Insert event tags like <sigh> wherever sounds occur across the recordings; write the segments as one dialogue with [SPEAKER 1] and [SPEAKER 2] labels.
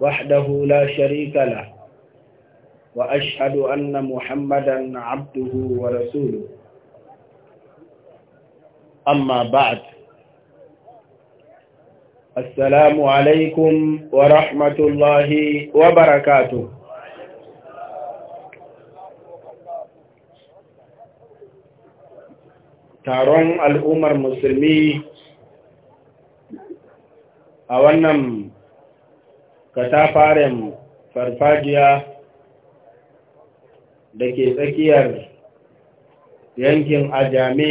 [SPEAKER 1] وحده لا شريك له وأشهد أن محمدا عبده ورسوله أما بعد السلام عليكم ورحمة الله وبركاته تارون الأمر المسلمي أولاً katafaren farfajiya da ke tsakiyar yankin ajame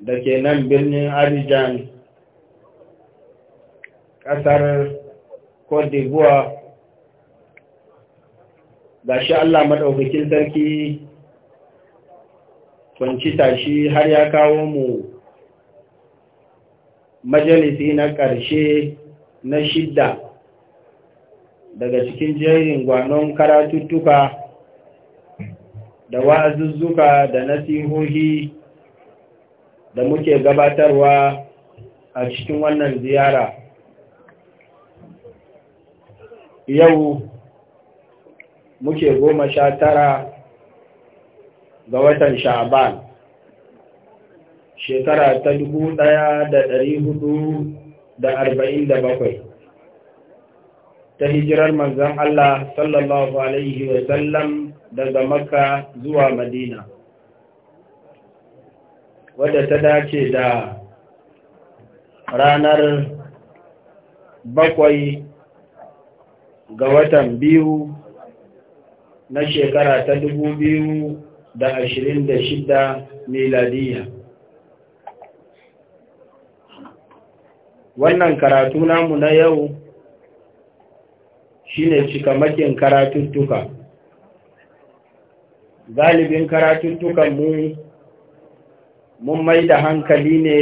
[SPEAKER 1] da ke nan birnin arijan ƙasar cote d'ivoire ga shi allah maɗaukakin sarki kwanci tashi har ya kawo mu majalisi na ƙarshe na shidda daga cikin jerin gwanon karatuttuka da wa'azuzzuka da nasihohi da muke gabatarwa a cikin wannan ziyara yau muke goma sha tara ga watan sha'aban shekara ta dubu ɗaya da ɗari hudu da arba'in da bakwai ta hijirar manzan Allah sallallahu Alaihi wasallam daga Makka zuwa Madina wadda ta dace da ranar bakwai ga watan biyu na shekara ta dubu biyu da ashirin da shida miladiya wannan karatu namu na yau shine cikamakin karatuttuka galibin karatuttukan mu mun mai da hankali ne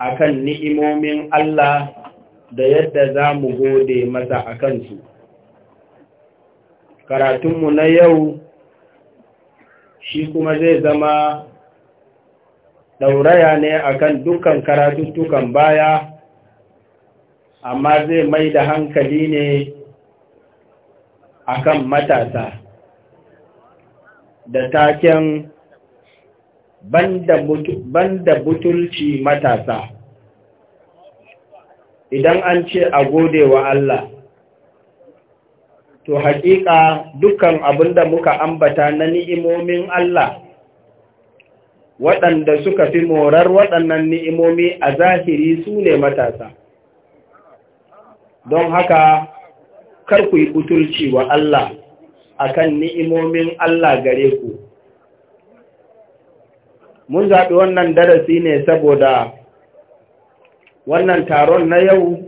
[SPEAKER 1] akan ni'imomin Allah da yadda za mu gode masa a kansu karatunmu na yau shi kuma zai zama ɗauraya ne akan dukan karatuttukan baya amma zai mai da hankali ne akan matasa da taken banda butulci matasa idan an ce a gode wa Allah to hakika dukan abin da muka ambata na ni'imomin Allah waɗanda suka fi morar waɗannan ni'imomi a zahiri su ne matasa don haka kar ku yi kuturci wa Allah a kan ni'imomin Allah gare ku mun zaɓi wannan darasi ne saboda wannan taron na yau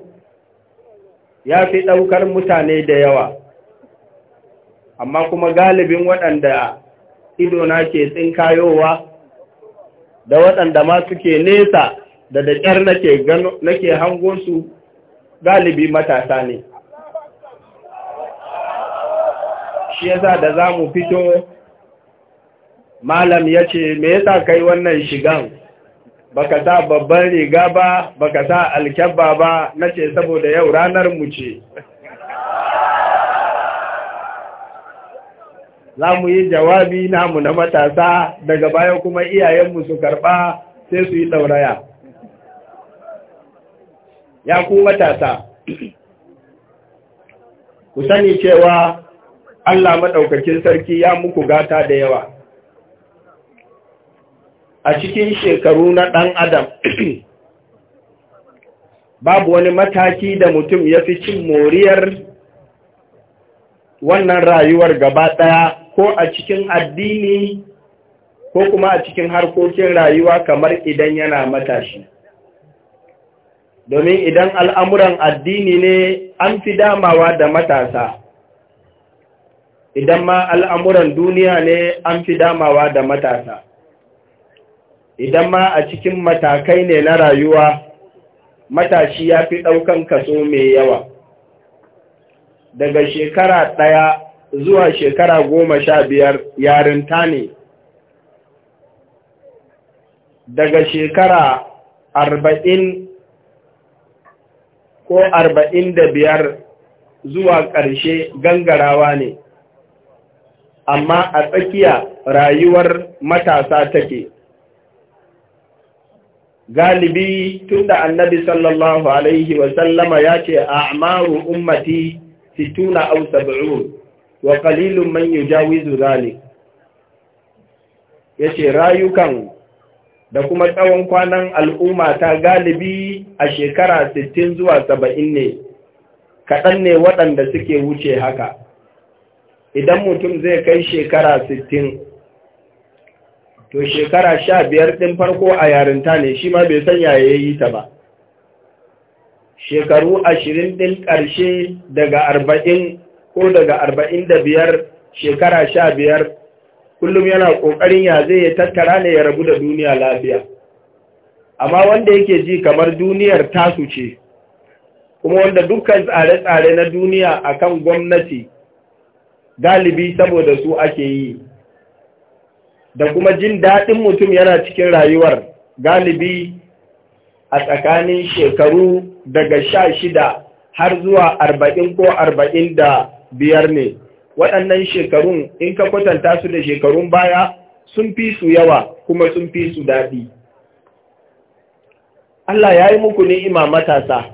[SPEAKER 1] ya fi ɗaukar mutane da yawa amma kuma galibin waɗanda idona ke tsinkayowa da waɗanda ma suke nesa da da ƙyar nake hango su galibi matasa ne shi yasa da za mu fito malam ya ce me yasa kai wannan shigan baka sa babban riga ba baka sa alkyabba ba nace saboda yau ranar mu ce za mu yi jawabi namu na matasa daga baya kuma iyayenmu su karɓa sai su yi ɗauraya. Ya ku matasa, ku sani cewa Allah maɗaukakin sarki ya muku gata da yawa. A cikin shekaru na ɗan Adam, <clears throat> babu wani mataki da mutum ya fi cin moriyar wannan rayuwar gaba ɗaya ko a cikin addini ko kuma a cikin harkokin rayuwa kamar idan yana matashi domin idan al'amuran addini ne an fi damawa da matasa idan ma al'amuran duniya ne an fi damawa da matasa idan ma a cikin matakai ne na rayuwa matashi ya fi ɗaukan kaso mai yawa daga shekara ɗaya zuwa shekara goma sha biyar yarinta ne daga shekara arba'in ko arba'in da biyar zuwa ƙarshe gangarawa ne amma a tsakiya rayuwar matasa take galibi tunda annabi sallallahu alaihi wasallama ya ce a amaru ummati fituna au sab'un wa kalilun man yujawizu Ya ce rayukan da kuma tsawon kwanan al'umma ta galibi a shekara sittin zuwa saba'in ne kaɗan ne waɗanda suke wuce haka idan mutum zai kai shekara 60 to shekara 15 ɗin farko a yarinta ne shi ma bai sanya ya yi ta ba shekaru ashirin ɗin ƙarshe daga arba'in ko daga arba'in da biyar shekara sha biyar kullum yana ƙoƙarin ya zai tattara ne ya rabu da duniya lafiya amma wanda yake ji kamar duniyar tasu ce kuma wanda dukkan tsare-tsare na duniya akan gwamnati galibi saboda su ake yi da kuma jin daɗin mutum yana cikin rayuwar galibi a tsakanin shekaru daga sha shida har zuwa arba'in ko arba'in da biyar ne waɗannan shekarun in ka kwatanta su da shekarun baya sun fi su yawa kuma sun fi su daɗi Allah ya yi muku ima matasa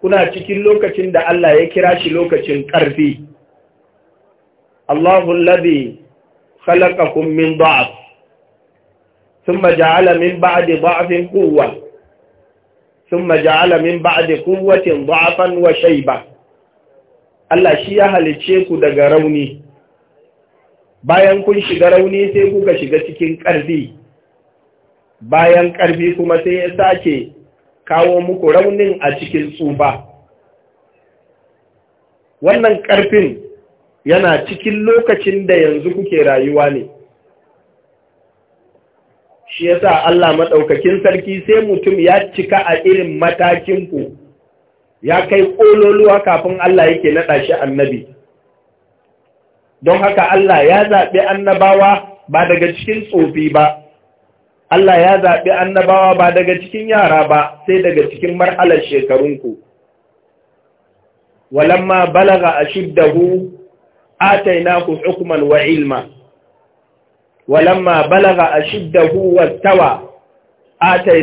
[SPEAKER 1] kuna cikin lokacin da Allah ya kira shi lokacin ƙarfi Allahu alladhi khalaqakum min da'f thumma ja'ala min ba'di da'fin quwwa thumma ja'ala min ba'di quwwatin ba'afan wa ba. Allah shi ya halicce ku daga rauni bayan kun shiga rauni sai kuka shiga cikin ƙarfi bayan ƙarfi kuma sai ya sake kawo muku raunin a cikin tsufa wannan ƙarfin yana cikin lokacin da yanzu kuke rayuwa ne shi sa Allah maɗaukakin sarki sai mutum ya cika a irin matakinku ya kai ƙololuwa kafin Allah yake naɗa shi annabi don haka Allah ya zaɓi annabawa ba daga cikin tsofi ba Allah ya zaɓi annabawa ba daga cikin yara ba sai daga cikin marhalar shekarunku walamma balaga a ashiddahu naku hukman wa ilma walamma balaga ashiddahu wastawa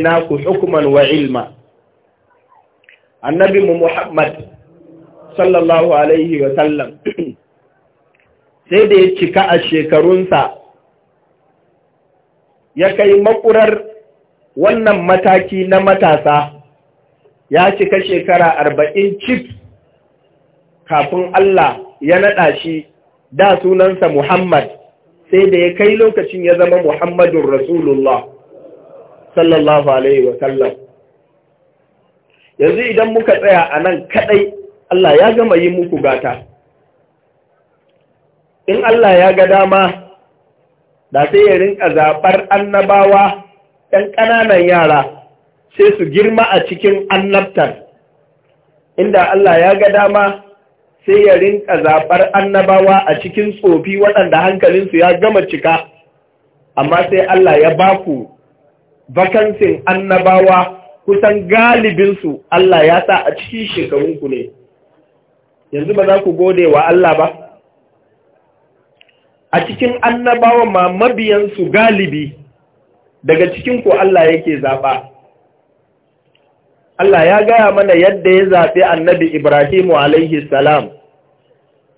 [SPEAKER 1] naku hukman wa ilma annabi mu Muhammad sallallahu alaihi wa sallam <clears throat> sai da ya cika a shekarunsa ya kai makurar wannan mataki na matasa ya cika shekara arba'in cif kafin Allah ya naɗa shi da sunansa Muhammad sai da ya kai lokacin ya zama Muhammadun Rasulullah sallallahu Alaihi wasallam yanzu idan muka tsaya a nan kaɗai Allah ya gama yi muku gata in Allah ya ga dama da sai ya rinka zaɓar annabawa ɗan ƙananan yara sai su girma a cikin annabtar inda Allah ya ga dama sai ya rinka zaɓar annabawa a cikin tsofi waɗanda hankalinsu ya gama cika amma sai Allah ya baku vakansin annabawa kusan galibinsu Allah ya sa a cikin shekarunku ne, yanzu ba za ku gode wa Allah ba? A cikin annabawa ma mabiyansu galibi daga cikin cikinku Allah yake zaɓa. Allah ya gaya mana yadda ya zaɓi annabi Ibrahimu alaihi salam,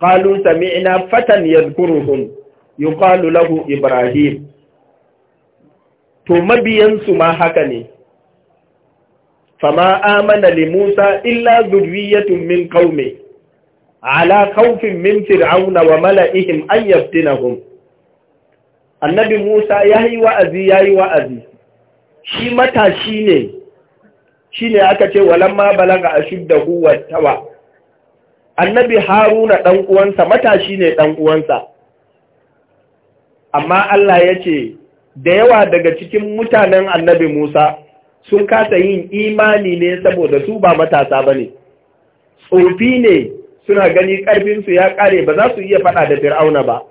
[SPEAKER 1] ƙalu sami'ina fatan yankurukun, yi ƙalu lahu Ibrahim. To mabiyansu ma haka ne. fama amana Musa illa zurriyatun min qaumi ala khawfin min fir'auna wa mala'ihim an yaftinahum annabi Musa yayi wa'azi yayi wa'azi shi matashi ne shine aka ce walamma balaga ashuddahu wa tawa annabi Haruna ɗan uwansa matashi ne ɗan uwansa amma Allah ya ce da yawa daga cikin mutanen annabi Musa sun kasa yin imani ne saboda su ba matasa ba ne tsofi ne suna gani ƙarfinsu ya ƙare ba za su iya faɗa da fir'auna ba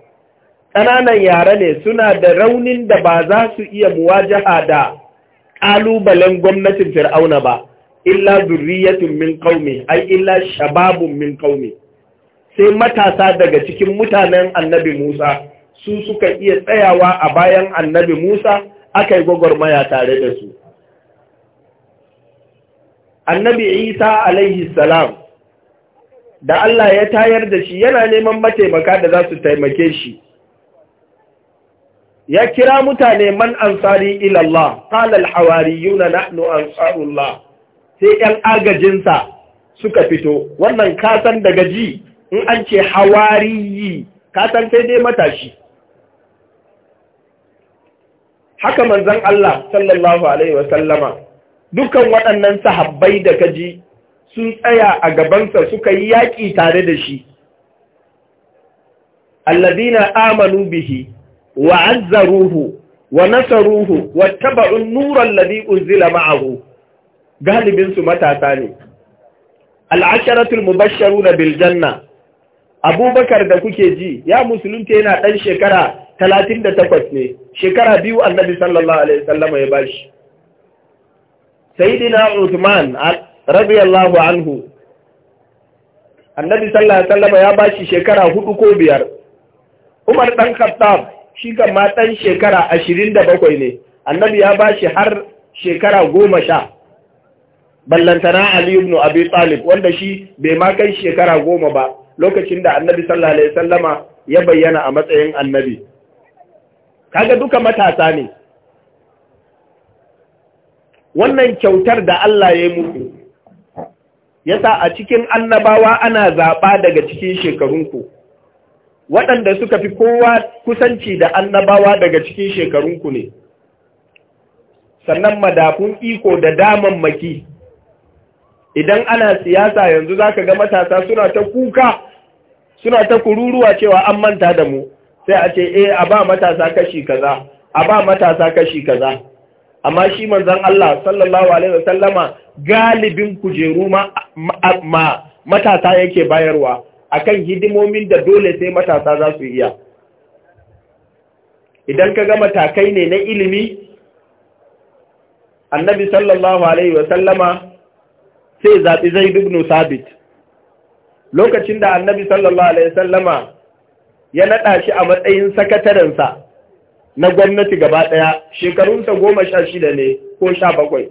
[SPEAKER 1] ƙananan yare ne suna da raunin da ba za su iya muwajaha da ƙalubalen gwamnatin fir'auna ba illa zurriyatun min ƙaumi ai illa shababun min ƙaumi sai matasa daga cikin mutanen annabi Musa su suka iya tsayawa a bayan annabi Musa aka yi gwagwarmaya tare da su annabi isa alaihi salam da Allah ya tayar da shi yana neman mataimaka da za su taimake shi ya kira mutane man ansari ilallah talal hawariyuna nahnu ansarullah sai yan agajinsa suka fito wannan kasan daga ji in an ce hawariyi kasan sai dai matashi haka manzan Allah sallallahu alaihi wasallama dukan waɗannan sahabbai da ka ji sun tsaya a gabansa suka yi yaƙi tare da shi alladina amanu bihi wa Ruhu wa Nasa Ruhu wa taba'un nuran Ladi unzila ma'ahu Galibinsu matasa ne al'asharatul basharu na Biljanna. abubakar da kuke ji ya musulunta yana ɗan shekara 38 ne shekara biyu annabi sallallahu alaihi sallama ya bashi sayyidina usman radiyallahu anhu annabi sallallahu alaihi wasallam ya bashi shekara hudu ko biyar Umar dan Khattab shi kan ma dan shekara ashirin da bakwai ne annabi ya bashi har shekara goma sha ballantana Ali ibn Abi Talib wanda shi bai ma kai shekara goma ba lokacin da annabi sallallahu alaihi wasallama ya bayyana a matsayin annabi kaga duka matasa ne wannan kyautar da Allah ya yi muku yasa a cikin annabawa ana zaɓa daga cikin shekarunku waɗanda suka fi kowa kusanci da annabawa daga cikin shekarunku ne sannan madafun iko da daman maki idan ana siyasa yanzu zaka ga matasa suna ta kuka suna ta kururuwa cewa an manta da mu sai a ce eh a ba matasa kashi kaza a ba matasa kashi kaza amma shi manzon Allah sallallahu alaihi wasallama galibin kujeru ma, matasa yake bayarwa akan hidimomin da dole sai matasa za su iya idan ka ga matakai ne na ilimi annabi sallallahu alaihi wasallama sai zaɓi zai dubnu sabit lokacin da annabi sallallahu alaihi wasallama ya naɗa shi a matsayin sakatarensa na gwamnati gaba ɗaya shekarunsa goma sha shida ne ko sha bakwai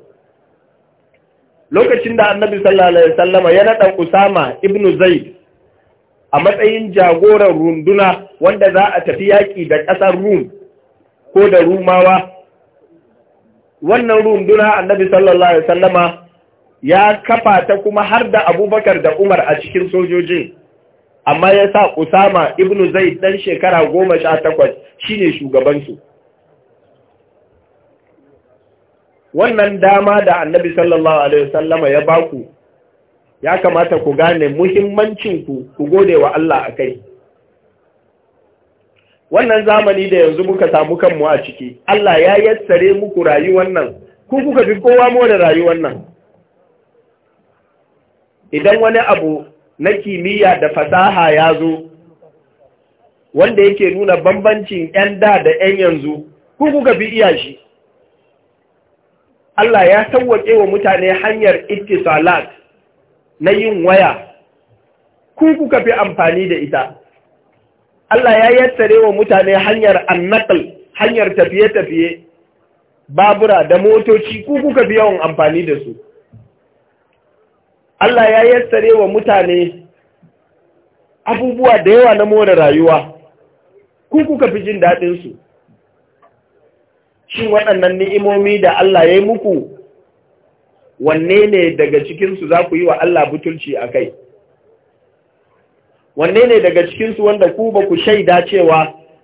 [SPEAKER 1] lokacin da annabi sallallahu alaihi sallama, ya naɗa usama ibnu zaid a matsayin jagoran runduna wanda za a tafi yaƙi da ƙasar rum ko da rumawa wannan runduna annabi sallallahu alaihi sallama, ya kafa ta kuma har da abubakar da umar a cikin sojojin amma ya sa usama ibnu zaid ɗan shekara goma sha takwas Shi ne shugabansu wannan dama da annabi sallallahu alaihi wasallama ya baku ya kamata ku gane muhimmancinku ku gode wa Allah a kai. wannan zamani da yanzu muka samu kanmu a ciki Allah ya yassare muku rayuwar nan ku kuka fi kowa mu da rayuwar nan idan wani abu na kimiyya da fasaha ya zo wanda yake nuna bambancin 'yan da da 'yan yanzu ku kuka fi iya shi Allah ya sauwaƙe wa mutane hanyar ittisalat na yin waya ku kuka fi amfani da ita Allah ya yattare wa mutane hanyar annakal hanyar tafiye-tafiye babura da motoci ku kuka fi yawan amfani da su Allah ya yattare wa mutane abubuwa da yawa na more rayuwa ku kuka fi jin daɗinsu shin waɗannan ni'imomi da Allah ya yi muku wanne ne daga cikinsu za ku yi wa Allah butulci a kai wanne ne daga cikinsu wanda ku ba ku shaida cewa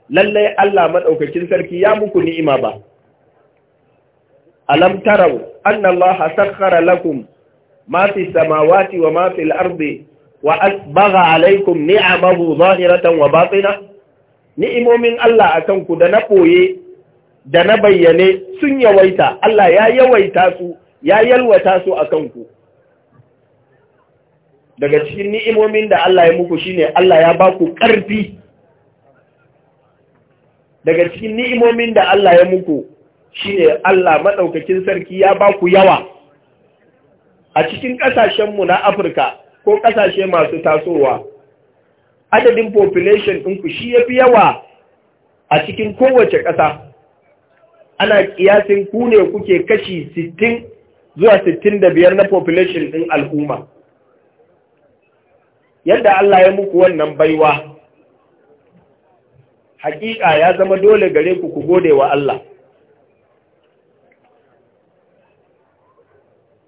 [SPEAKER 1] lallai Allah maɗaukakin sarki ya muku ni'ima ba alam tarau annallaha sakhara lakum ma fi samawati wa ma fil ardi wa asbagha alaykum ni'amahu zahiratan wa batina ni'imomin Allah a kanku da na ɓoye da na bayyane sun yawaita, Allah ya yawaita su, ya yalwata su a kanku. Daga cikin ni'imomin da Allah ya muku shine Allah ya ba ku ƙarfi. Daga cikin ni'imomin da Allah ya muku shine Allah maɗaukakin sarki ya ba ku yawa. A cikin ƙasashenmu na Afirka ko ƙasashe masu tasowa, adadin population ɗinku shi ya fi yawa a cikin kowace ƙasa ana kiyasin ku ne kuke kashi sittin zuwa sittin da biyar na population ɗin al'umma yadda Allah ya muku wannan baiwa hakika ya zama dole gare ku ku gode wa Allah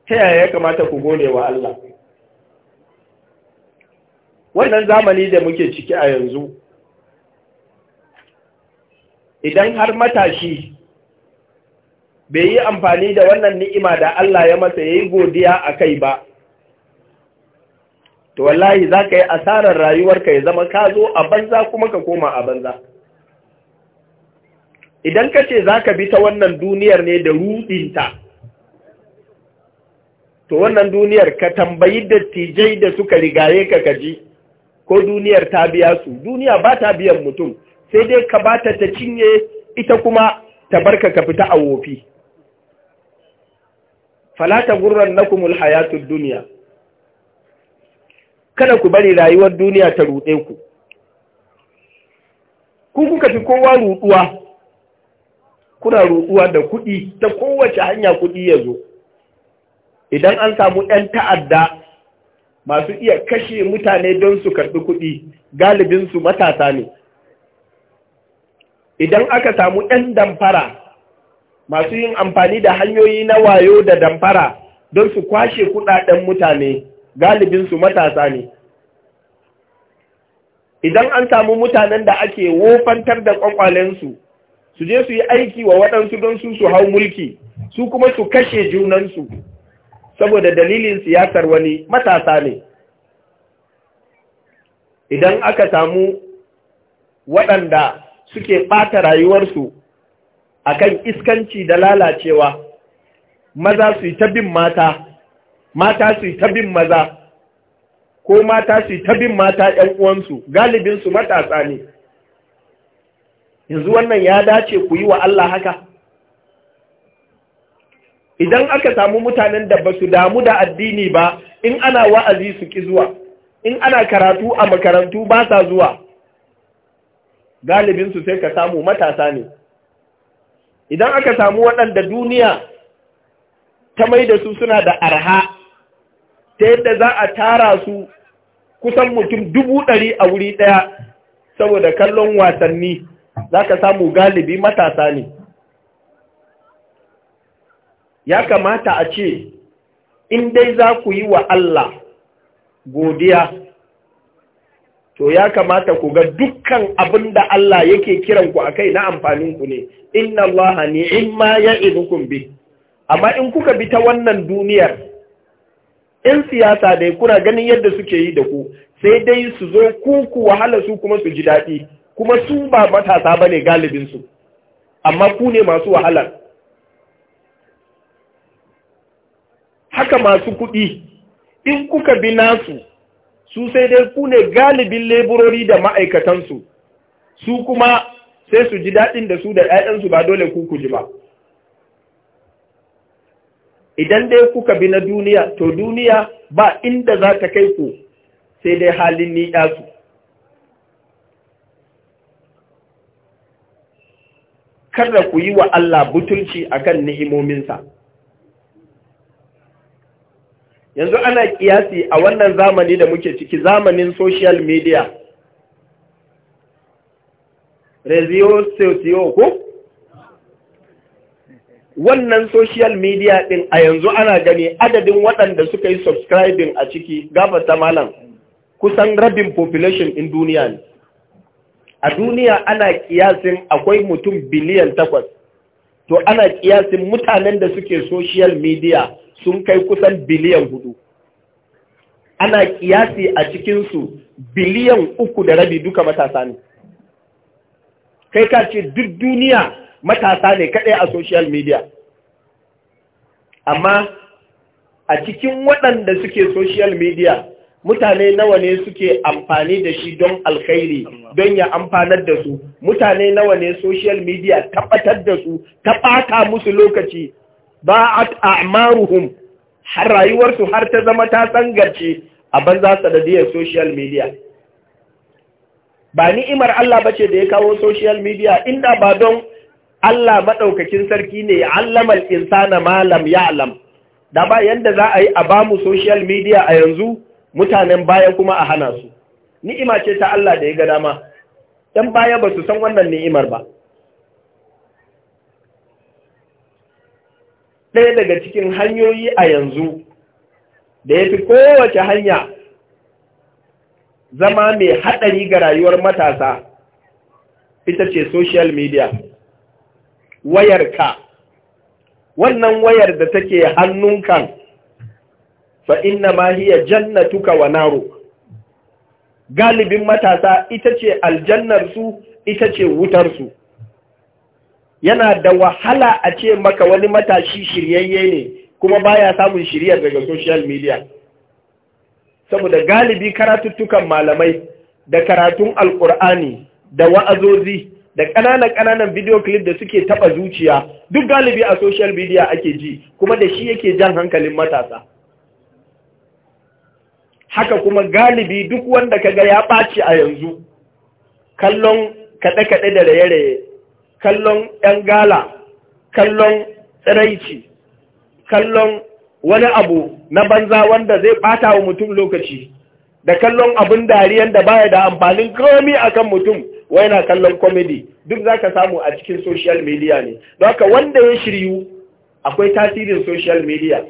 [SPEAKER 1] ta yaya ya kamata ku gode wa Allah wannan zamani da muke ciki a yanzu idan har matashi bai yi amfani da wannan ni'ima da Allah ya masa ya yi godiya a kai ba to wallahi za ka yi asarar rayuwarka ya zama ka zo a banza kuma ka koma a banza idan ka ce za ka bi ta wannan duniyar ne da rudinta to wannan duniyar ka tambayi dattijai da suka rigaye ka kaji ko duniyar ta biya su duniya ba ta biyan mutum sai dai ka ba ta cinye ita kuma ta barka ka fita a wofi falata gurran na kumul hayatun duniya kada ku bari rayuwar duniya ta ruɗe ku ku kuka fi kowa ruɗuwa kuna ruɗuwa da kuɗi ta kowace hanya kuɗi ya zo idan an samu ‘yan ta'adda masu iya kashe mutane don su karɓi kuɗi galibinsu matasa ne idan aka samu ɗan damfara masu yin amfani da hanyoyi na wayo da damfara don su kwashe kuɗaɗen mutane galibinsu matasa ne idan an samu mutanen da ake wofantar da ƙwaƙwalensu su je su yi aiki wa waɗansu don su su hau mulki su kuma su kashe junansu saboda dalilin siyasar wani matasa ne idan aka samu waɗanda suke ɓata rayuwarsu a kan iskanci da lalacewa maza su yi ta mata mata su yi ta maza ko mata su yi ta mata ‘yan uwansu galibinsu matasa ne yanzu wannan ya dace ku yi wa Allah haka idan aka samu mutanen da ba su damu da addini ba in ana wa'azi su ki zuwa in ana karatu a makarantu ba sa zuwa galibinsu sai ka samu matasa ne idan aka samu waɗanda duniya ta mai da su suna da arha ta yadda za a tara su kusan mutum dubu ɗari a wuri ɗaya saboda kallon wasanni za ka samu galibi matasa ne ya kamata a ce in dai za ku yi wa Allah godiya to ya kamata ku ga dukkan abin da Allah yake kiran ku akai na amfanin ku ne inna Allah ya ya'idukum bi amma in kuka bi ta wannan duniyar in siyasa dai kuna ganin yadda suke yi da ku sai dai su zo ku ku wahala su kuma su ji daɗi kuma su ba matasa bane galibin su amma ku ne masu wahalar haka masu kuɗi in kuka bi nasu su sai dai ku ne galibin leburori da ma'aikatansu su kuma sai su ji daɗin da su da 'ya'yansu ba dole ku ku ji ba idan dai kuka bi na duniya to duniya ba inda za ta kai ku sai dai halin ni su kada ku yi wa Allah butulci akan ni'imominsa yanzu ana kiyasi a wannan zamani da muke ciki zamanin social media reziyo sosiyo ko wannan social media din a yanzu ana gani adadin waɗanda suka yi subscribing a ciki gabata malam kusan rabin population in duniya ne a duniya ana kiyasin akwai mutum biliyan takwas to ana kiyasin mutanen da suke social media sun kai kusan biliyan hudu ana kiyasi a cikinsu biliyan uku da rabi duka matasa ne kai ka ce duk duniya matasa ne kaɗai a social media amma a cikin waɗanda suke social media mutane nawa ne suke amfani da shi don alkhairi don ya amfanar da su mutane nawa ne social media tabbatar da su ta ɓata musu lokaci Ba a a'maruhum har rayuwarsu har ta zama ta tsangarci a banza sanadiyar social media ba ni'imar Allah ba ce da ya kawo social media inda ba don Allah maɗaukakin sarki ne ya allama insana malam ya'lam da ba yanda za a yi a bamu social media a yanzu mutanen baya kuma a hana su ni'ima ce ta Allah da ya ga dama ɗan baya ba su san wannan ni'imar ba ɗaya daga cikin hanyoyi a yanzu da ya fi kowace hanya zama mai haɗari ga rayuwar matasa ita ce social media wayarka wannan wayar da take hannunkan fa inna ma hiya jannatuka wa naru galibin matasa ita ce aljannar su ita ce wutar su yana da wahala a ce maka wani matashi shiryayye ne kuma baya samun shiryar daga social media saboda galibi karatuttukan malamai da karatun alkur'ani da wa'azozi da ƙananan-ƙananan video clip da suke taɓa zuciya duk galibi a social media ake ji kuma da shi yake jan hankalin matasa haka kuma galibi duk wanda ka ga ya ɓaci a yanzu kallon kaɗe-kaɗe da raye-raye kallon ‘yan gala, kallon tsiraici, kallon wani abu na banza wanda zai ɓata wa mutum lokaci, da kallon abin dariyar da baya da amfanin a akan mutum wai na kallon komedi duk za ka samu a cikin social media ne. Da haka wanda ya shiryu akwai tasirin social media,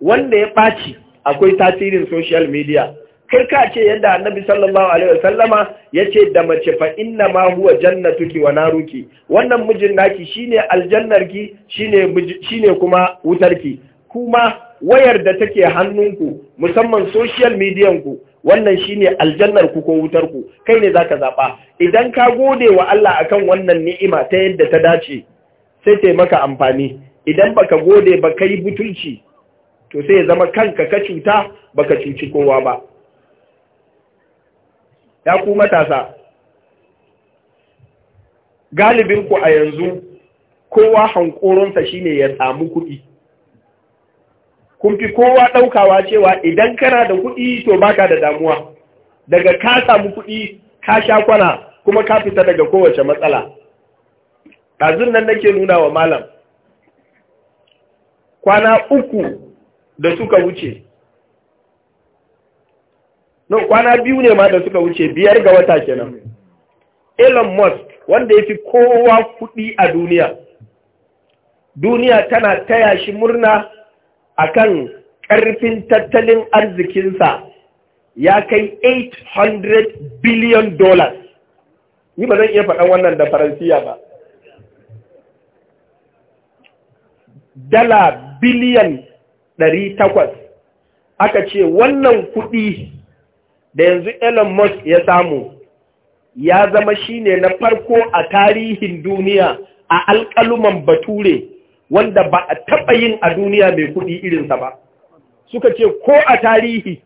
[SPEAKER 1] wanda ya ɓaci akwai tasirin social media. karka ce yadda annabi sallallahu alaihi wasallama yace da mace fa inna ma huwa jannatuki wa naruki wannan mijin naki shine aljannarki shine shine kuma wutarki kuma wayar da take hannunku musamman social media ku wannan shine aljannar ku ko wutar ku kai ne zaka zaba idan ka gode wa Allah akan wannan ni'ima ta yadda ta dace sai ta maka amfani idan baka gode ba kai butulci to sai ya zama kanka ka cuta baka cuci kowa ba ya ku matasa galibinku a yanzu kowa hankoronsa shine ya samu kuɗi kun fi kowa ɗaukawa cewa idan kana da kuɗi to baka da damuwa daga ka samu kuɗi ka sha kwana kuma ka fita daga kowace matsala ɗazun nan nake nuna wa malam kwana uku da suka wuce no kwana biyu ne ma da suka wuce biyar ga wata kenan Elon Musk wanda ya fi kowa kuɗi a duniya duniya tana taya shi murna akan ƙarfin tattalin arzikinsa ya kai 800 billion dollars ni ba zan iya faɗan wannan da faransiya ba dala biliyan 800 aka ce wannan kuɗi da yanzu Elon Musk ya samu ya zama shine na farko a tarihin duniya a alkaluman bature wanda ba a taɓa yin a duniya mai kuɗi irinsa ba suka ce ko a tarihi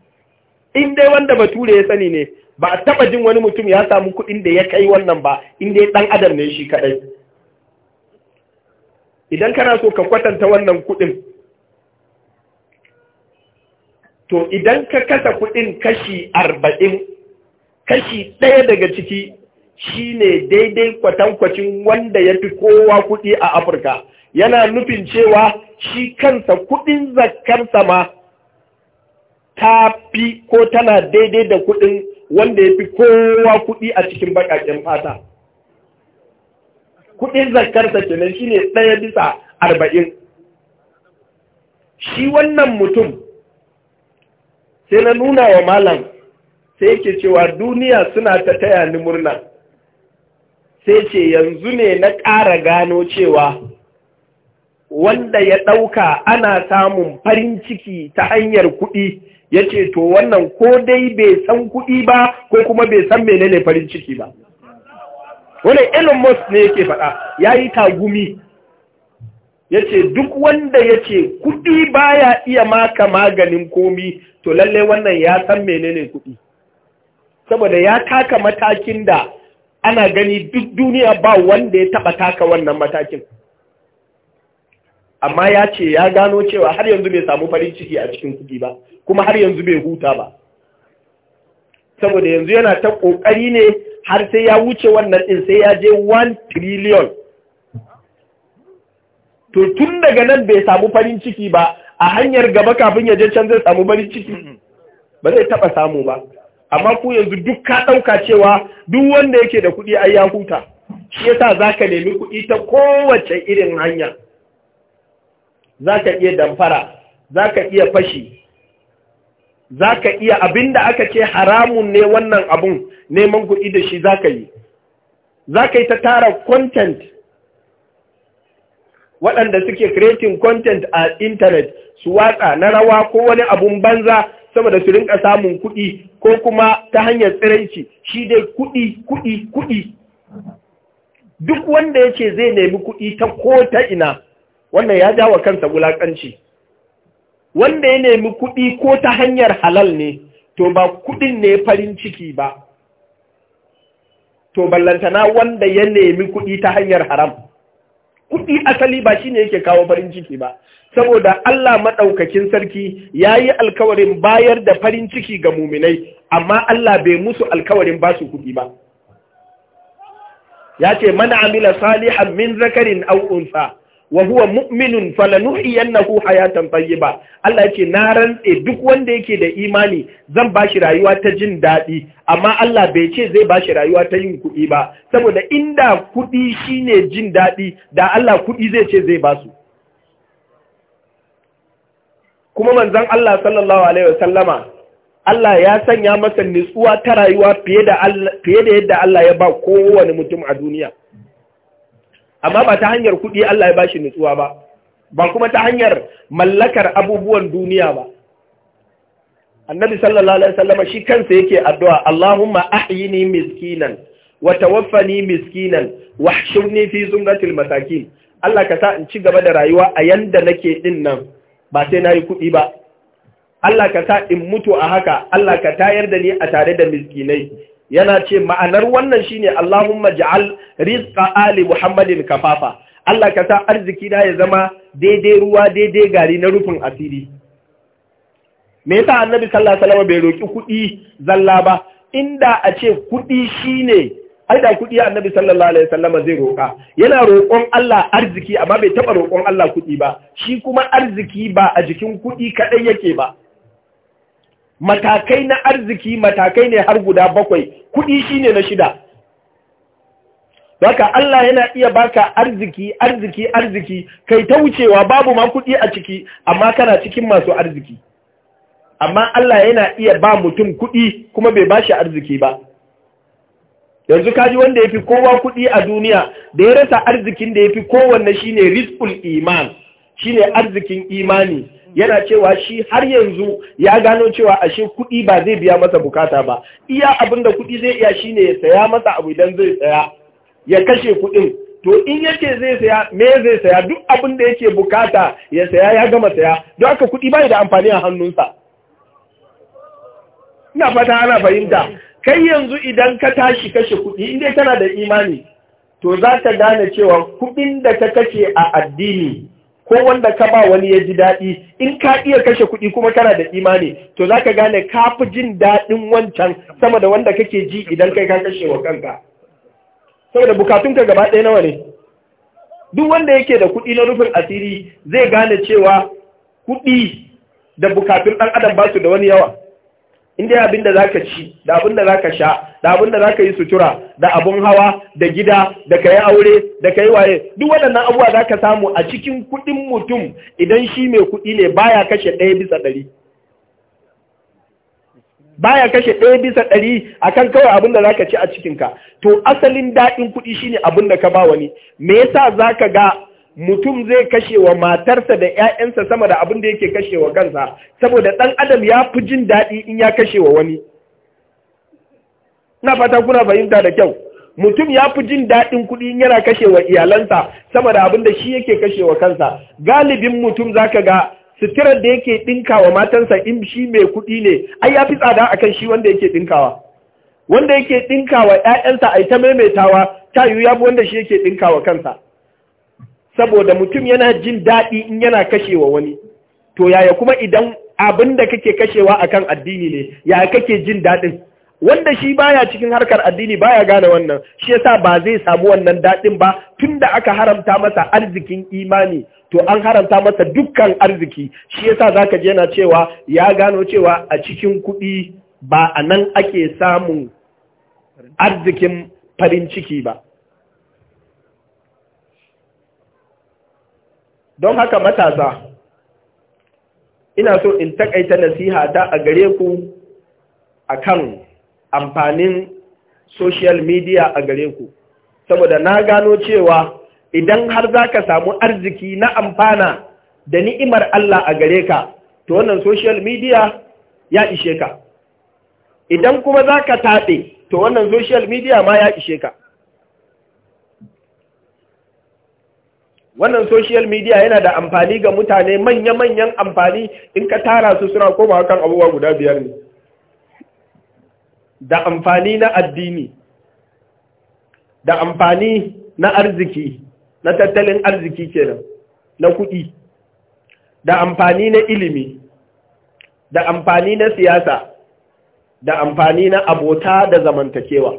[SPEAKER 1] in dai wanda bature ya sani ne ba a taɓa jin wani mutum ya samu kuɗin da ya kai wannan ba in dai ɗan adam ne shi kaɗai idan kana so ka kwatanta wannan kuɗin to idan ka kasa kuɗin kashi arba'in kashi ɗaya daga ciki shine daidai kwatankwacin wanda ya fi kowa kuɗi a afirka yana nufin cewa shi kansa kuɗin zakkarsa ma ta fi ko tana daidai da kuɗin wanda ya fi kowa kuɗi a cikin baƙaƙen fata kuɗin zakkarsa kenan shine ɗaya bisa arba'in shi wannan mutum sai na nuna wa malam sai yake cewa duniya suna ta taya ni murna sai ce yanzu ne na ƙara gano cewa wanda ya ɗauka ana samun farin ciki ta hanyar kuɗi ya ce to wannan ko dai bai san kuɗi ba ko kuma bai san menene farin ciki ba wani Elon Musk ne yake faɗa ya yi tagumi yace duk wanda yace kudi baya iya maka maganin komi to lalle wannan ya san menene kudi. saboda ya taka matakin da ana gani duk duniya ba wanda ya taba taka wannan matakin amma ya ce ya gano cewa har yanzu bai samu farin ciki a cikin kudi ba kuma har yanzu bai huta ba saboda yanzu yana ta ƙoƙari ne har sai ya wuce wannan ɗin sai ya je 1 trillion to tun daga nan bai samu farin ciki ba a hanyar gaba kafin ya je can zai samu farin ciki ba zai taba samu ba amma ku yanzu duk ka dauka cewa duk wanda yake da kuɗi ai ya huta shi yasa zaka nemi kuɗi ta kowace irin hanya zaka iya damfara zaka iya fashi zaka iya abinda aka ce haramun ne wannan abun neman kuɗi da shi zaka yi zaka yi ta tara content waɗanda suke creating content a internet su watsa na rawa ko wani abun banza saboda su rinka samun kuɗi ko kuma ta hanyar tsiraici shi dai kuɗi kuɗi kuɗi duk wanda ya ce zai nemi kuɗi ta ko ta ina wannan ya jawa kansa wulaƙanci wanda ya nemi kuɗi ko ta hanyar halal ne to ba kuɗin ne farin ciki ba to ballantana wanda ya nemi kuɗi ta hanyar haram kuɗi asali ba shine yake kawo farin ciki ba saboda Allah maɗaukakin sarki ya yi alkawarin bayar da farin ciki ga muminai amma Allah bai musu alkawarin ba su kuɗi ba ya ce mana amila salihan min zakarin au unsa wa huwa mu'minun falanuhyiyannahu hayatan tayyiba Allah yace na rantse duk wanda yake da imani zan bashi rayuwa ta jin daɗi amma Allah bai ce zai bashi rayuwa ta yin kuɗi ba saboda inda kuɗi shine jin daɗi da Allah kuɗi zai ce zai basu kuma manzon Allah sallallahu alaihi wasallama Allah ya sanya masa nutsuwa ta rayuwa fiye da yadda Allah ya ba kowane mutum a duniya amma ba ta hanyar kuɗi Allah ya bashi nutsuwa ba ba kuma ta hanyar mallakar abubuwan duniya ba annabi sallallahu alaihi wasallama shi kansa yake addu'a Allahumma ahyini miskinan wa tawaffani miskinan wahshurni fi zumratil masakin Allah ka sa in ci gaba da rayuwa a yanda nake ɗin nan ba sai nayi kuɗi ba Allah ka sa in mutu a haka Allah ka tayar da ni a tare da miskinai yana ce ma'anar wannan shine Allahumma ja'al riska ali Muhammadin kafafa Allah ka sa arziki na ya zama daidai ruwa daidai gari na rufin asiri me yasa annabi sallallahu alaihi wasallam bai roki kuɗi zalla ba inda a ce kuɗi shine ai da kuɗi annabi sallallahu alaihi wasallam zai roka yana roƙon Allah arziki amma bai taɓa roƙon Allah kuɗi ba shi kuma arziki ba a jikin kuɗi kaɗai yake ba matakai na arziki matakai ne har guda bakwai kuɗi shine na shida Baka Allah yana iya baka arziki arziki arziki kai ta wucewa babu ma kuɗi a ciki amma kana cikin masu arziki amma Allah yana iya ba mutum kuɗi kuma bai bashi arziki ba yanzu kaji wanda ya fi kowa kuɗi a duniya da ya rasa arzikin da ya fi kowanne shine rizqul iman shine arzikin imani yana cewa shi har yanzu ya gano cewa ashe kuɗi ba zai biya masa bukata ba iya abin da kuɗi zai iya shine ya saya masa abu idan zai saya ya kashe kuɗin to in yake zai saya me zai saya duk abin da yake bukata ya saya ya gama saya don haka kuɗi bai da amfani a hannunsa ina fata ana fahimta kai yanzu idan ka tashi kashe kuɗi inda kana da imani to za ka gane cewa kuɗin da ka kashe a addini ko wanda ka ba wani ya ji daɗi in ka iya kashe kuɗi kuma kana da imani to za ka gane ka fi jin daɗin wancan sama da wanda kake ji idan kai ka kashe wa kanka saboda bukatunka gaba ɗaya nawa ne duk wanda yake da kuɗi na rufin asiri zai gane cewa kuɗi da bukatun ɗan adam ba su da wani yawa inda abin da zaka ci da abin da zaka sha da abin da zaka yi sutura da abun hawa da gida da kai aure da kai waye duk waɗannan abubuwa zaka samu a cikin kuɗin mutum idan shi mai kuɗi ne baya kashe ɗaya bisa ɗari baya kashe ɗaya bisa ɗari akan kawai abin da zaka ci a cikinka to asalin daɗin kuɗi shine abin da ka ba wani me yasa zaka ga mutum zai kashe wa matarsa da 'ya'yansa sama da abin da yake kashe wa kansa saboda ɗan adam ya fi jin daɗi in ya kashe wa wani na fata kuna fahimta da kyau mutum ya fi jin daɗin kuɗi in yana kashe wa iyalansa sama da abin da shi yake kashe wa kansa galibin mutum za ka ga suturar da yake ɗinka wa matansa in shi mai kuɗi ne ai ya fi tsada akan shi wanda yake ɗinkawa wanda yake ɗinkawa 'ya'yansa ai ta maimaitawa ta yiwu ya fi wanda shi yake ɗinkawa kansa saboda mutum yana jin daɗi in yana kashewa wani to yaya kuma idan abin da kake kashewa akan addini ne yaya kake jin daɗin wanda shi baya cikin harkar addini baya gane wannan shi yasa ba zai samu wannan daɗin ba tun da aka haramta masa arzikin imani to an haramta masa dukkan arziki shi yasa zaka ji yana cewa ya gano cewa a cikin kuɗi ba a nan ake samun arzikin farin ciki ba don haka matasa ina so in takaita nasiha ta a gare ku akan amfanin social media a gare ku saboda na gano cewa idan har za ka samu arziki na amfana da ni'imar Allah a gare ka to wannan social media ya ishe ka idan kuma za ka taɓe to wannan social media ma ya ishe ka wannan social media yana da amfani ga mutane manya-manyan amfani in ka tara su suna koma kan abubuwa guda biyar ne da amfani na addini da amfani na arziki na tattalin arziki kenan na kuɗi da amfani na ilimi da amfani na siyasa da amfani na abota da zamantakewa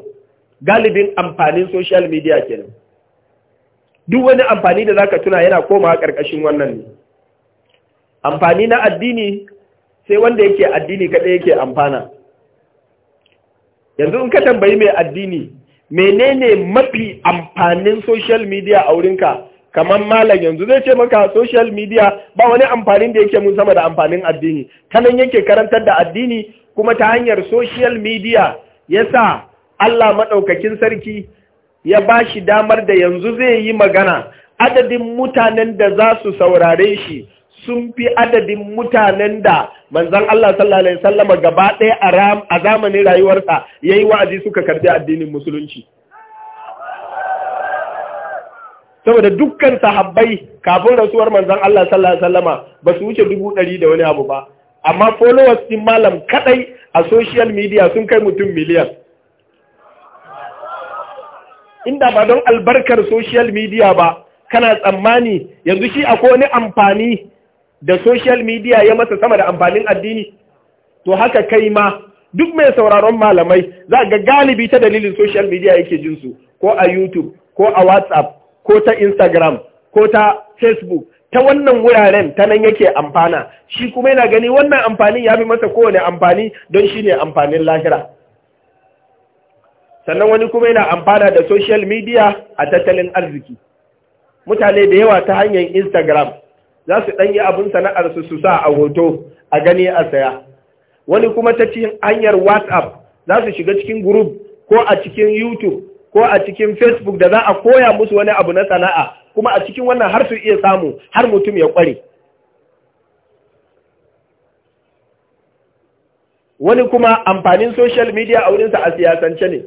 [SPEAKER 1] galibin amfanin social media kenan duk wani amfani da zaka tuna yana komawa ƙarƙashin wannan ne amfani na addini sai wanda yake addini kaɗai yake amfana yanzu in ka tambayi mai addini menene mafi amfanin social media a wurinka kamar malam yanzu zai ce maka social media ba wani amfanin da yake mun sama da amfanin addini ta nan yake karantar da addini kuma ta hanyar social media ya sa Allah maɗaukakin sarki ya ba shi damar da yanzu zai yi magana adadin mutanen da za su saurare shi sun fi adadin mutanen da manzan Allah sallallahu Alaihi wasallama gaba ɗaya a zamanin rayuwarsa ya yi wa'azi suka karbi addinin musulunci. Saboda dukkan sahabbai kafin rasuwar manzan Allah sallallahu Alaihi ba su wuce dubu ɗari da wani abu ba, amma followers din malam kaɗai a social media sun kai mutum miliyan. inda ba don albarkar social media ba kana tsammani yanzu shi akwai wani amfani da social media ya masa sama da amfanin addini to haka kai ma duk mai sauraron malamai za ga galibi ta dalilin social media yake jin su ko a YouTube ko a WhatsApp ko ta Instagram ko ta Facebook ta wannan wuraren ta nan yake amfana shi kuma yana gani wannan amfanin ya fi masa kowane amfani don shi ne amfanin lahira sannan wani kuma yana amfana da social media a tattalin arziki mutane da yawa ta hanyar instagram za su ɗanyi abin sana'arsu su sa a hoto a gani a saya wani kuma ta cikin hanyar whatsapp za su shiga cikin group ko a cikin youtube ko a cikin facebook da za a koya musu wani abu na sana'a kuma a cikin wannan har su iya samu har mutum ya ƙware wani kuma amfanin social media a wurinsa a siyasance ne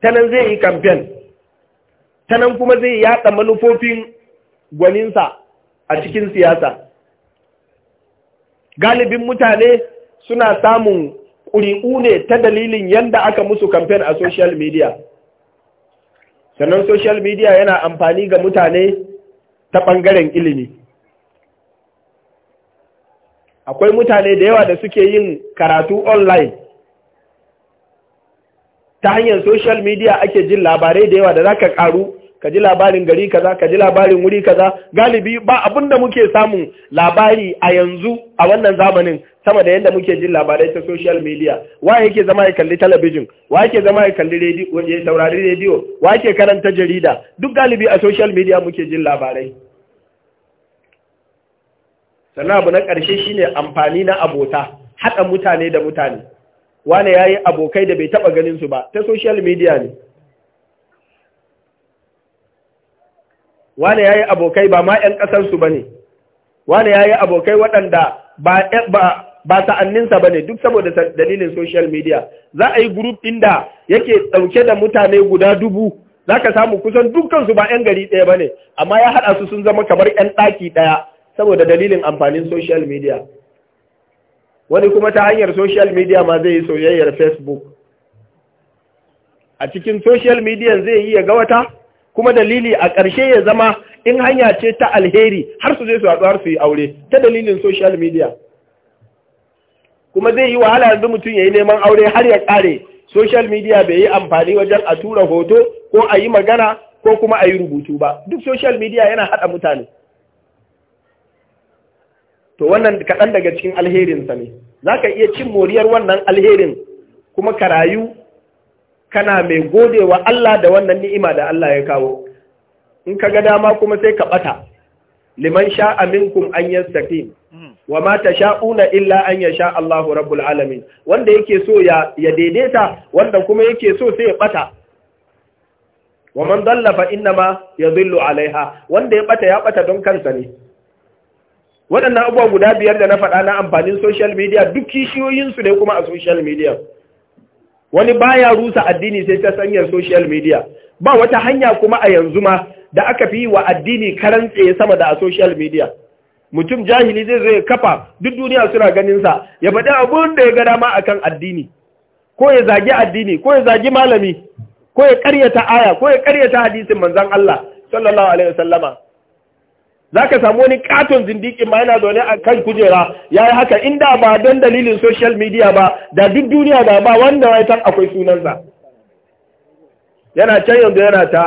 [SPEAKER 1] ta nan zai yi kamfen ta nan kuma zai yada manufofin gwaninsa a cikin siyasa galibin mutane suna samun ƙuri'u ne ta dalilin yadda aka musu kamfen a social media sannan social media yana amfani ga mutane ta ɓangaren ilimi akwai mutane da yawa da suke yin karatu online ta hanyar social media ake jin labarai da yawa da za ka karu ka ji labarin gari kaza ka ji labarin wuri kaza galibi ba abin da muke samun labari a yanzu a wannan zamanin sama da yadda muke jin labarai ta social media wa yake zama ya kalli talabijin wa yake zama ya kalli rediyo ya saurari rediyo wa yake karanta jarida duk galibi a social media muke jin labarai sannan abu na ƙarshe shine amfani na abota haɗa mutane da mutane wane ya yi abokai da bai taɓa ganin su ba ta social media ne wane ya yi abokai ba ma 'yan ƙasarsu ba ne wane ya yi abokai waɗanda ba sa'anninsa ba ne duk saboda dalilin social media za a yi grup ɗin da yake ɗauke da mutane guda dubu za ka samu kusan dukansu ba 'yan gari ɗaya ba ne amma ya haɗa su sun zama kamar 'yan ɗaki ɗaya saboda dalilin amfanin social media wani kuma ta hanyar social media ma zai yi soyayyar facebook a cikin social media zai yi ya ga wata kuma dalili a ƙarshe ya zama in hanya ce ta alheri har su zai su haɗu har su yi aure ta dalilin social media kuma zai yi wahala yanzu mutum ya yi neman aure har ya ƙare social media bai yi amfani wajen a tura hoto ko a yi magana ko kuma a yi rubutu ba duk social media yana haɗa mutane to wannan kaɗan daga cikin alherinsa ne za ka iya cin moriyar wannan alherin kuma ka rayu kana mai gode wa Allah da wannan ni'ima da Allah ya kawo in ka ga dama kuma sai ka ɓata liman sha'a minkum an yastaqim hmm. wa ma tasha'una illa an yasha Allahu rabbul alamin wanda yake so ya ya daidaita wanda kuma yake so sai ya bata wa man dalla fa inna ma yadhillu alaiha wanda ya ɓata ya bata don kansa ne waɗannan abubuwa guda biyar da na faɗa na amfanin social media duk kishiyoyinsu ne kuma a social media wani baya rusa addini sai ta sanyar social media ba wata hanya kuma a yanzu ma da aka fi wa addini karan tsaye sama da a social media mutum jahili zai zo ya kafa duk duniya suna ganinsa ya faɗi abun da ya gada ma kan addini ko ya zagi addini ko ya zagi malami ko ya ƙaryata aya ko ya ƙaryata hadisin manzon Allah sallallahu alaihi wasallama za ka samu wani katon zindikin ma yana zaune a kan kujera ya yi haka inda ba don dalilin social media ba da duk duniya da ba wanda ya san akwai sunansa yana can yanzu yana ta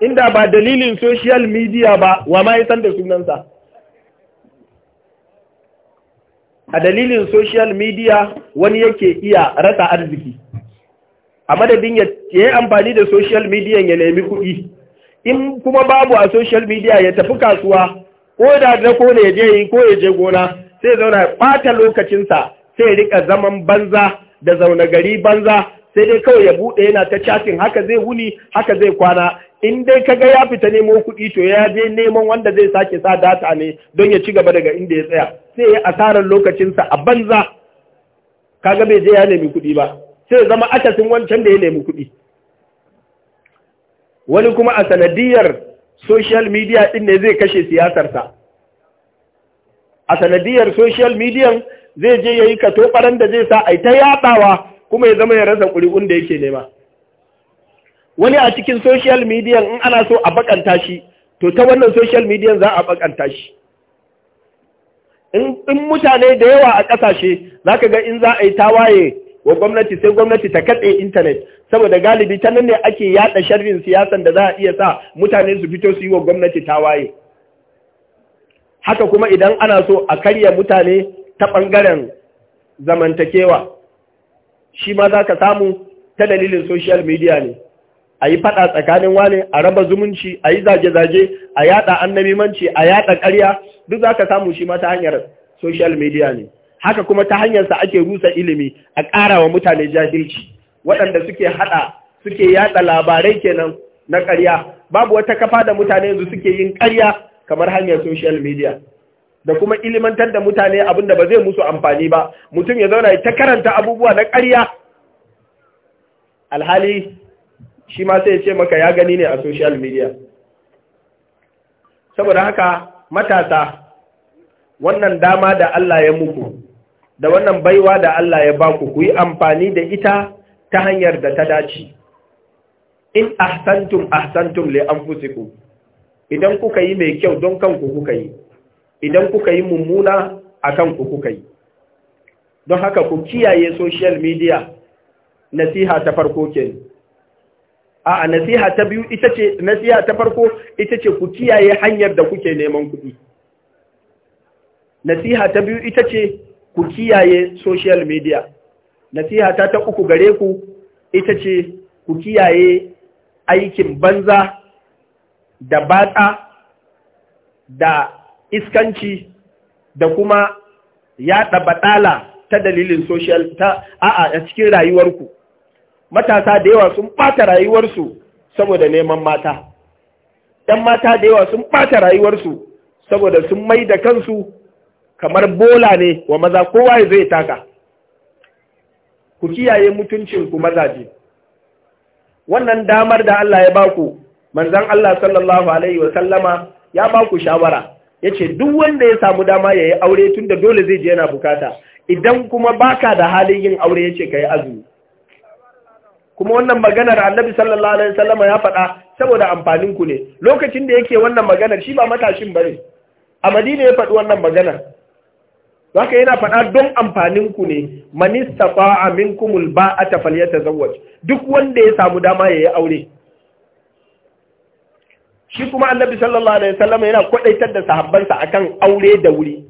[SPEAKER 1] inda ba dalilin social media ba wa ma ya san da sunansa a dalilin social media wani yake iya rasa arziki a madadin ya yi amfani da social media ya nemi kuɗi in kuma babu a social media ya tafi kasuwa ko da da ko ne je yi ko ya je gona sai zauna ya ɓata lokacinsa sai ya rika zaman banza da zauna gari banza sai dai kawai ya buɗe yana ta chatting haka zai wuni haka zai kwana in dai ka ga ya fita nemo kuɗi to ya je neman wanda zai sake sa data ne don ya ci gaba daga inda ya tsaya sai ya asarar lokacinsa a banza kaga bai je ya nemi kuɗi ba sai zama akasin wancan da ya nemi kuɗi wani kuma a sanadiyar social media ɗin ne zai kashe siyasarsa a sanadiyar social media zai je ya yi kato ɓaran da zai sa a yi ta yaɗawa kuma ya zama ya rasa ƙuri'un da yake nema wani a cikin social media in ana so a bakanta shi to ta wannan social media za a bakanta shi in mutane da yawa a ƙasashe za ka ga in za a yi ta waye. wa gwamnati sai gwamnati ta katse intanet saboda galibi ta nan ne ake yada sharrin siyasan da za a iya sa mutane su fito su yi wa gwamnati ta waye. haka kuma idan ana so a karya mutane ta ɓangaren zamantakewa shi ma za ka samu ta dalilin social media ne a yi faɗa tsakanin wane a raba zumunci a yi zage-zage a yada annabimanci a yada ƙarya duk za ka samu shi ma ta hanyar social media ne haka kuma ta hanyarsa ake rusa ilimi a ƙara wa mutane jahilci waɗanda suke haɗa suke yaɗa labarai kenan na ƙarya babu wata kafa da mutane yanzu suke yin ƙarya kamar hanyar social media da kuma ilimantar da mutane abin da ba zai musu amfani ba mutum ya zauna ta karanta abubuwa na ƙarya alhali shi ma sai ya ce maka ya gani ne a social media saboda haka matasa wannan dama da Allah ya muku da wannan baiwa da Allah ya ba ku yi amfani da ita ta hanyar da ta dace in ahsantum ahsantum an fusiku, idan kuka yi mai kyau don kanku kuka yi idan kuka yi mummuna a kanku kuka yi don haka ku kiyaye social media nasiha ta farko ke a nasiha ta biyu ita ce nasiha ta farko ita ce ku kiyaye hanyar da kuke neman kuɗi nasiha ta biyu ita ce ku kiyaye social media nasiha ta ta uku gare ku ita ce ku kiyaye aikin banza da batsa da iskanci da kuma yaɗa baɗala ta dalilin social ta a'a a cikin rayuwarku matasa da yawa sun ɓata rayuwarsu saboda neman mata ‘yan mata da yawa sun ɓata rayuwarsu saboda sun mai da kansu kamar bola ne wa maza kowa ya zai taka ku kiyaye mutuncinku mazaje wannan damar da Allah ya baku manzon Allah sallallahu alaihi wa sallama ya baku shawara yace duk wanda ya samu dama yayi aure tunda dole zai je yana bukata idan kuma baka da halin yin aure yace yi azumi kuma wannan maganar Annabi sallallahu alaihi wa sallama ya faɗa saboda amfanin ku ne lokacin da yake wannan maganar shi ba matashin bane a Madina ya faɗi wannan maganar Zaka yana faɗa don amfanin ku ne man ba minkum alba'ata falyatazawwaj duk wanda ya samu dama ya yi aure shi kuma annabi sallallahu alaihi wasallam yana kwadaitar da sahabbansa akan aure da wuri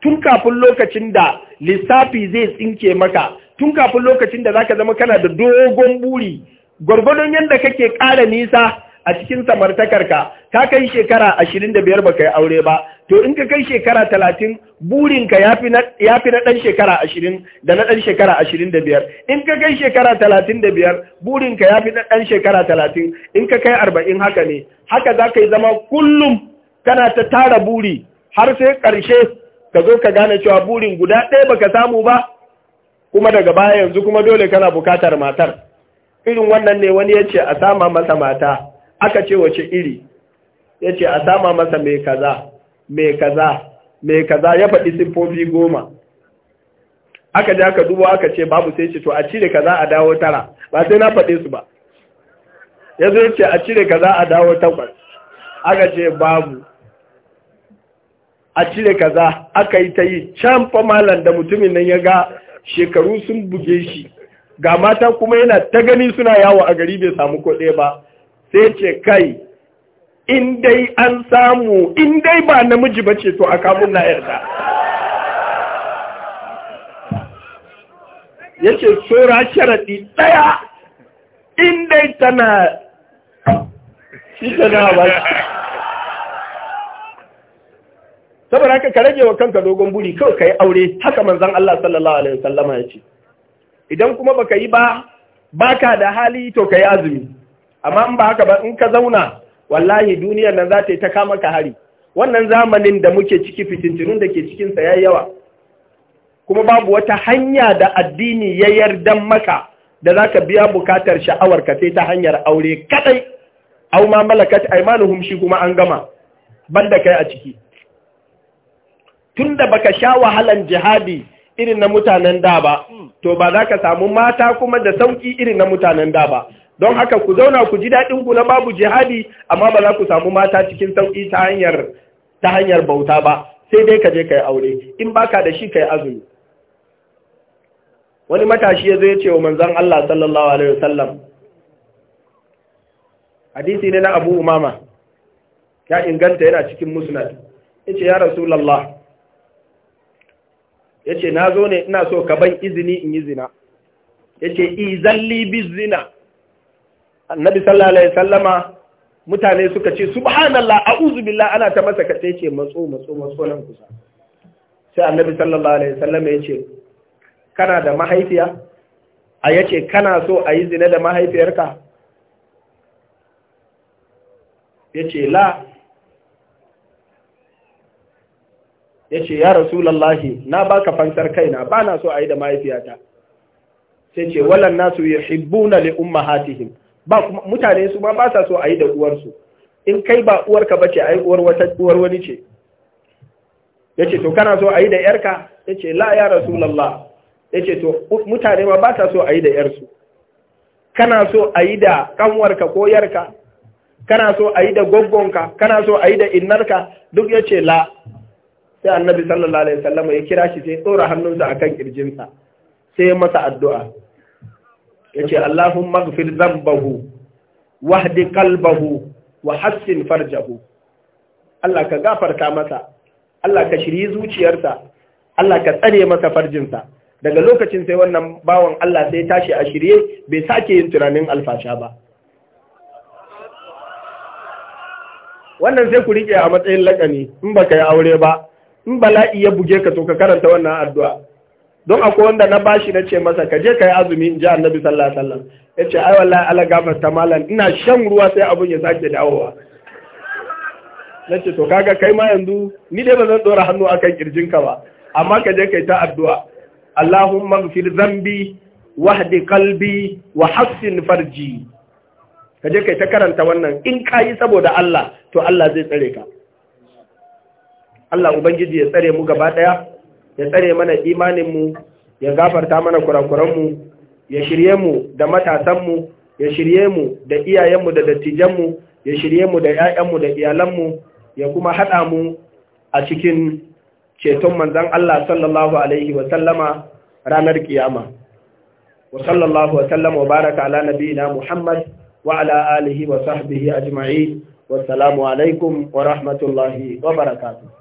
[SPEAKER 1] tun kafin lokacin da lissafi zai tsinke maka tun kafin lokacin da zaka zama kana da dogon buri gwargwadon yadda kake ƙara nisa a cikin samartakarka ta kai shekara ashirin da biyar baka yi aure ba to in ka kai shekara talatin burinka ya fi na ɗan shekara ashirin da na ɗan shekara ashirin da biyar in ka kai shekara talatin da biyar burinka ya fi na ɗan shekara talatin in ka kai arba'in haka ne haka za ka yi zama kullum kana ta tara buri har sai ƙarshe ka zo ka gane cewa burin guda ɗaya baka samu ba kuma daga baya yanzu kuma dole kana buƙatar matar irin wannan ne wani ya ce a sama masa mata aka ce wace iri ya ce a sama masa mai kaza mai kaza mai kaza ya faɗi siffofi goma aka ji aka dubo aka ce babu sai ce to a cire kaza a dawo tara ba sai na faɗe su ba ya zo ce a cire kaza a dawo takwas aka ce babu a cire kaza aka yi ta yi can famalan da mutumin nan ya ga shekaru sun buge shi ga mata kuma yana ta gani suna yawo a gari bai samu kuɗe ba sai ce kai in dai an samu in dai ba namiji ba ce to a kamun na yarda ya ce tsora sharaɗi ɗaya in dai tana shi tana ba saboda haka ka rage wa kanka dogon buri kawai ka yi aure haka manzan Allah sallallahu Alaihi wasallama ya ce idan kuma baka yi ba baka da hali to ka yi azumi amma in ba haka ba in ka zauna wallahi duniyar nan za ta yi ta kama ka hari wannan zamanin da muke ciki fitintinun da ke cikinsa ya yawa kuma babu wata hanya da addini ya yarda maka da za ka biya bukatar sha'awar ka sai ta hanyar aure kadai au ma malakat aimanuhum shi kuma an gama banda kai a ciki tunda baka sha wahalan jihadi irin na mutanen da ba to ba za ka samu mata kuma da sauki irin na mutanen da ba don haka ku zauna ku ji daɗin ku na babu jihadi amma ba za ku samu mata cikin sauƙi ta hanyar ta hanyar bauta ba sai dai ka je ka yi aure in baka da shi ka yi azumi wani matashi ya zo ya ce wa manzon Allah sallallahu alaihi wasallam hadisi ne na Abu Umama ya inganta yana cikin musnad yace ya rasulullah yace na zo ne ina so ka ban izini in yi zina yace izalli bizina annabi sallallahu alaihi sallama mutane suka ce subhanallah a'udhu billah ana ta masa kace ce matso matso matso nan kusa sai annabi sallallahu alaihi sallama yace kana da mahaifiya a yace kana so a yi zina da mahaifiyarka yace la yace ya rasulullahi na baka fansar kaina na so a yi da mahaifiyata sai ce wallan nasu yuhibbuna li ummahatihim ba mutane su ma ba sa so a yi da uwarsu in kai ba uwarka ba ce a yi uwar wata uwar wani ce ya ce to kana so a yi da yarka ya ce la ya rasu lalla. ya ce to mutane ma ba sa so a yi da yarsu kana so a yi da kanwarka ko yarka kana so a yi da gwaggonka kana so a yi da innarka duk ya ce la sai annabi sallallahu alaihi wasallam ya kira shi sai tsora hannunsa akan kirjinsa sai ya masa addu'a yace Allahumma ighfir dhanbahu wahdi qalbahu wa hassin farjahu Allah ka gafarta masa Allah ka shiryi zuciyarsa Allah ka tsare masa farjinsa daga lokacin sai wannan bawan Allah sai tashi a shirye bai sake yin tunanin alfasha ba wannan sai ku rike a matsayin lakani in baka yi aure ba in bala'i ya buge ka to ka karanta wannan addu'a don akwai wanda na bashi na ce masa ka je ka yi azumi in ji annabi sallallahu alaihi wasallam ya ce ai wallahi ala gafarta malam ina shan ruwa sai abun ya sake dawowa na ce to kaga kai ma yanzu ni dai bazan zan dora hannu akan ka ba amma kaje kai ta addu'a Allahumma gfir zambi wahdi qalbi wa hassin farji ka kai ta karanta wannan in ka saboda Allah to Allah zai tsare ka Allah ubangiji ya tsare mu gaba daya ya tsare mana imaninmu ya gafarta mana kurakuranmu ya shirye mu da matasanmu ya shirye mu da iyayenmu da dattijanmu ya shirye mu da 'ya'yanmu da iyalanmu ya kuma haɗa mu a cikin ceton manzan Allah sallallahu alaihi wa ranar kiyama wa sallallahu wasallama wa baraka ala nabiyina Muhammad wa ala alihi wa sahbihi wa salamu alaikum wa rahmatullahi wa barakatuh